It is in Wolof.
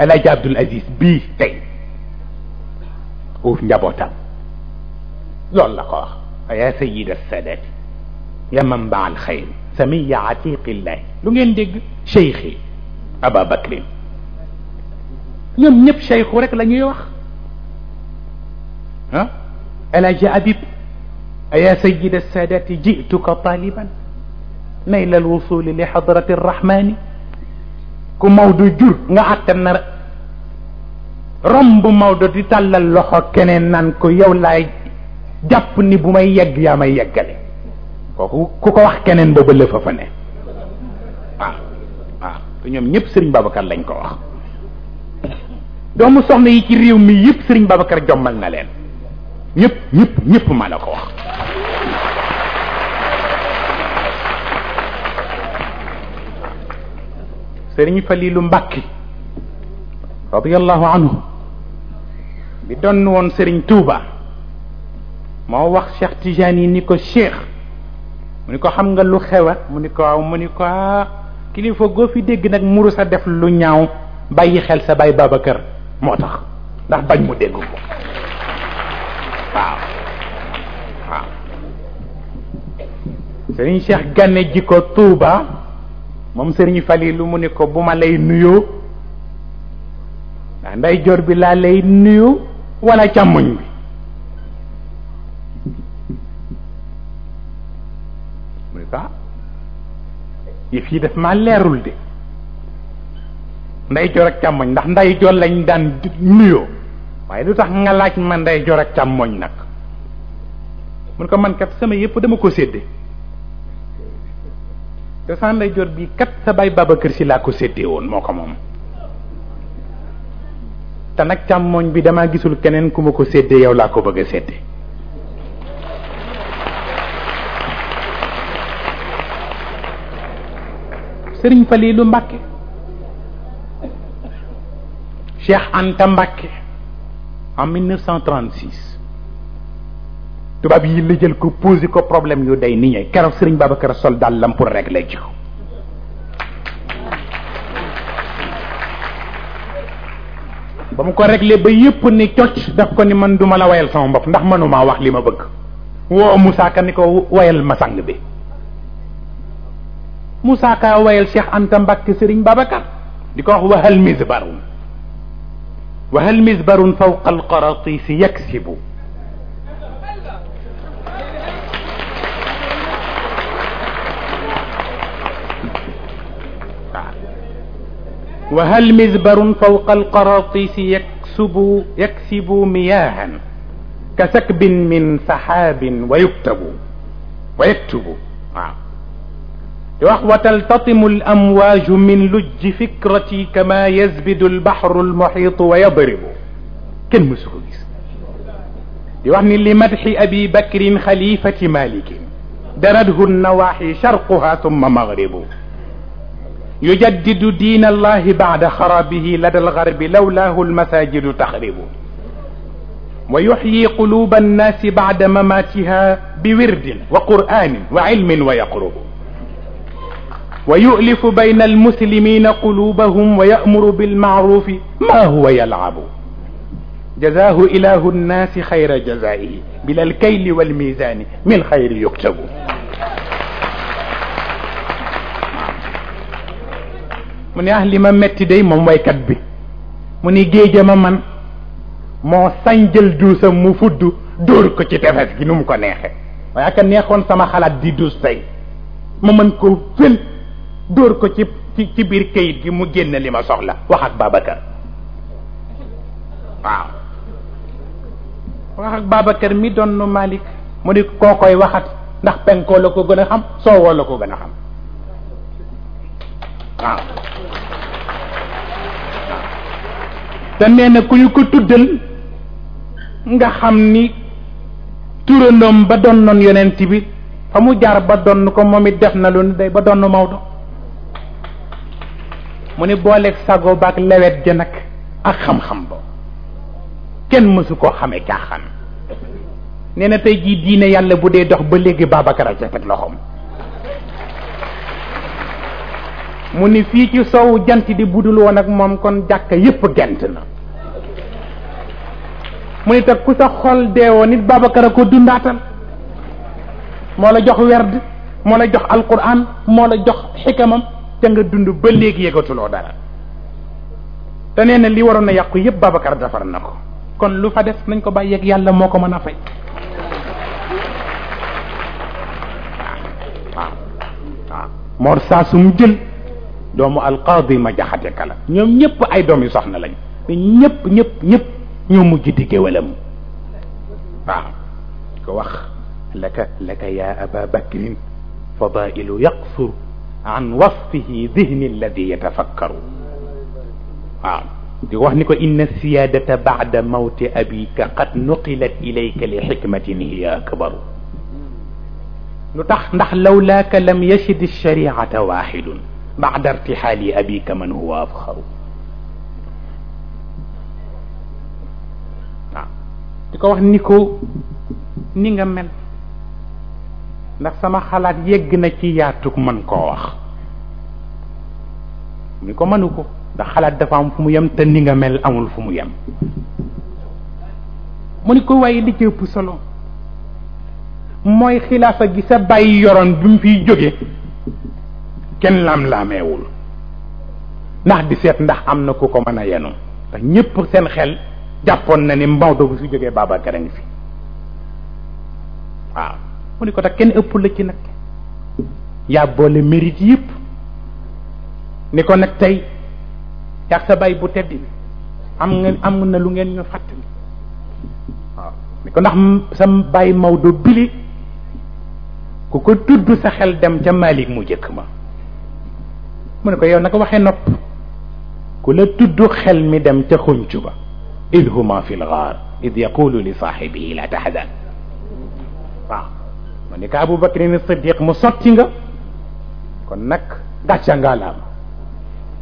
الاج عبد العزيز بي تي وفي نبوتام لولا قاه يا سيد السادات يا منبع الخير سمي عتيق الله لو شيخي ابا بكر يوم نيب شيخو رك لا نيي ها الا جاء ابيب يا سيد السادات جئتك طالبا ميل الوصول لحضره الرحمن ku Maodo jur nga àttan na romb Maodo di tàllal loxo keneen naan ko yow laay jàpp ni bu may yegg yaa may yeggale kooku ku ko wax keneen ba lëfa fa ne waaw waaw te ñoom ñëpp sëriñ Babacar lañ ko wax doomu soxna yi ci réew mi yëpp sëriñ Babacar jommal na leen ñëpp ñëpp ñëpp maa la ko wax serigne falilu Mbàkke radiyallahu anhu bi don won serigne touba mo wax Cheikh tijani ni ko cheikh mu ni ko xam nga lu xewa mu ni ko mu ni ko kilifa go fi deg nak muru sa def lu ñaaw bàyyi xel sa bay babakar motax ndax bañ mu deg ko serigne Cheikh Gane jiko touba moom sëriñ lu mu ni ko bu ma lay nuyoo ndax ndeyjoor bi laa lay nuyoo walla càmmoñ bi mu ni ah, yi daf maa leerul de ndeyjoor ak càmmoñ ndax ndeyjoor lañ daan nuyoo waaye lu tax nga laaj ma nday joor ak càmmoñ nag mun ko man kat sama yëpp dama ko sedde te sama ndeyjoor bi kat sa baay Babacar laa ko séddee woon moo ko moom te nag càmmoñ bi damaa gisul keneen ku ma ko seddee yow laa ko bëgg a séddee sëriñ Faliilu Mbàkke Cheikh Anta Mbàkke en tubaab yi la jël ko posé ko problème yu day niñe keroog sëriñ Babacar sol lam pour régler ji ba mu ko réglé ba yépp ni cocc daf ko ni man duma la wayal sama bopp ndax manuma wax li ma bëgg woo Moussa Ka ni ko wayal ma sang bi Moussa Ka wayal Cheikh Anta Mbacke Serigne Babacar di ko wax wahal misbarun wahal misbarun fawqa alqaratisi yaksibu وهل مذبر فوق القراطيس يكسب يكسب مياها كسكب من سحاب ويكتب ويكتب آه. وتلتطم الأمواج من لج فكرتي كما يزبد البحر المحيط ويضرب كن مسهوليس دي لمدح أبي بكر خليفة مالك درده النواحي شرقها ثم مغربه يجدد دين الله بعد خرابه لدى الغرب لولاه المساجد تخرب ويحيي قلوب الناس بعد مماتها بورد وقرآن وعلم ويقرب ويؤلف بين المسلمين قلوبهم ويأمر بالمعروف ما هو يلعب جزاه إله الناس خير جزائه بلا الكيل والميزان من خير يكتب mu ne ah li ma metti day moom waykat bi mu ni géeja ma man moo sañ jël duusam mu fudd dóor ko ci tefes gi nu mu ko neexe waaye aka neexoon sama xalaat di duus tey ma mën ko fël dóor ko ci ci biir kayit gi mu génn li ma soxla wax ak Babacar waaw wax ak Babacar mi doon nu Malick mu di koo koy waxat ndax penkoo la ko gën a xam soowoo la ko gën a xam waaw te nee na ku ñu ko tuddal nga xam ni turandoom ba donnoon yonent bi fa mu jaar ba donn ko moom it def na lu ne day ba donn Maodo mu ni booleeg sago baak lewet ja nag ak xam-xam ba kenn mësu koo xamee caaxaan nee na tey jii diine yàlla bu dee dox ba léegi Babacar ca teg loxoom mu ni fii ci sowu jant di budul woon ak moom kon jàkka yépp gent na mu ni tag ku sa xol deewoo nit Babacar a ko dundaatal moo la jox werd moo la jox alquran moo la jox xikamam te nga dund ba léegi yëgatuloo dara te nee na li waroon a yàqu yépp Babacar defar na ko kon lu fa des nañ ko bàyyeeg yàlla moo ko mën a fay waaw waaw Mor saa su mu jël doomu alqaadi ma jaxate kala ñoom ñëpp ay doom yu soxna lañ ñëpp ñëpp ñëpp ñoo mujj di géwalam waaw ko wax laka laka ya aba bakrin fadailu yaqsur an wasfihi dhihni alladi yatafakkaru waaw di wax ni ko inna siyadata bada mawti abika qad nuqilat ilayka li xikmatin hiya akbaru lu tax ndax lawlaaka lam yashid alshariata waxidun bada irtixaali abika man huwa afxaru di ko wax ni ko ni nga mel ndax sama xalaat yegg na ci yaatu mën koo wax ni ko mënu ko ndax xalaat dafa am fu mu yem te ni nga mel amul fu mu yem mu ni ko waaye li ci solo mooy xilaafa gi sa bàyyi yoroon bi mu fiy jóge kenn laam-laameewul ndax di seet ndax am na ku ko mën a yenu te ñépp seen xel jàppoon na ni Maodo bu fi jógee Babacar a ngi fi waaw mu ni ko tax kenn ëpp la ci nag yaa boole mérite yëpp ni ko nag tey yaa sa bàyyi bu tedd bi am nga am na lu ngeen ñu fàttali waaw ni ko ndax sa bàyyi Maodo bili ku ko tudd sa xel dem ca Malick mu jëkk ma mu ne ko na ko waxee nopp ku la tudd xel mi dem ca xuncu ba إذ هما في الغار إذ يقول لصاحبه لا تحزن آه، مانيك أبو بكر الصديق مصطنغ كنك داشنغالام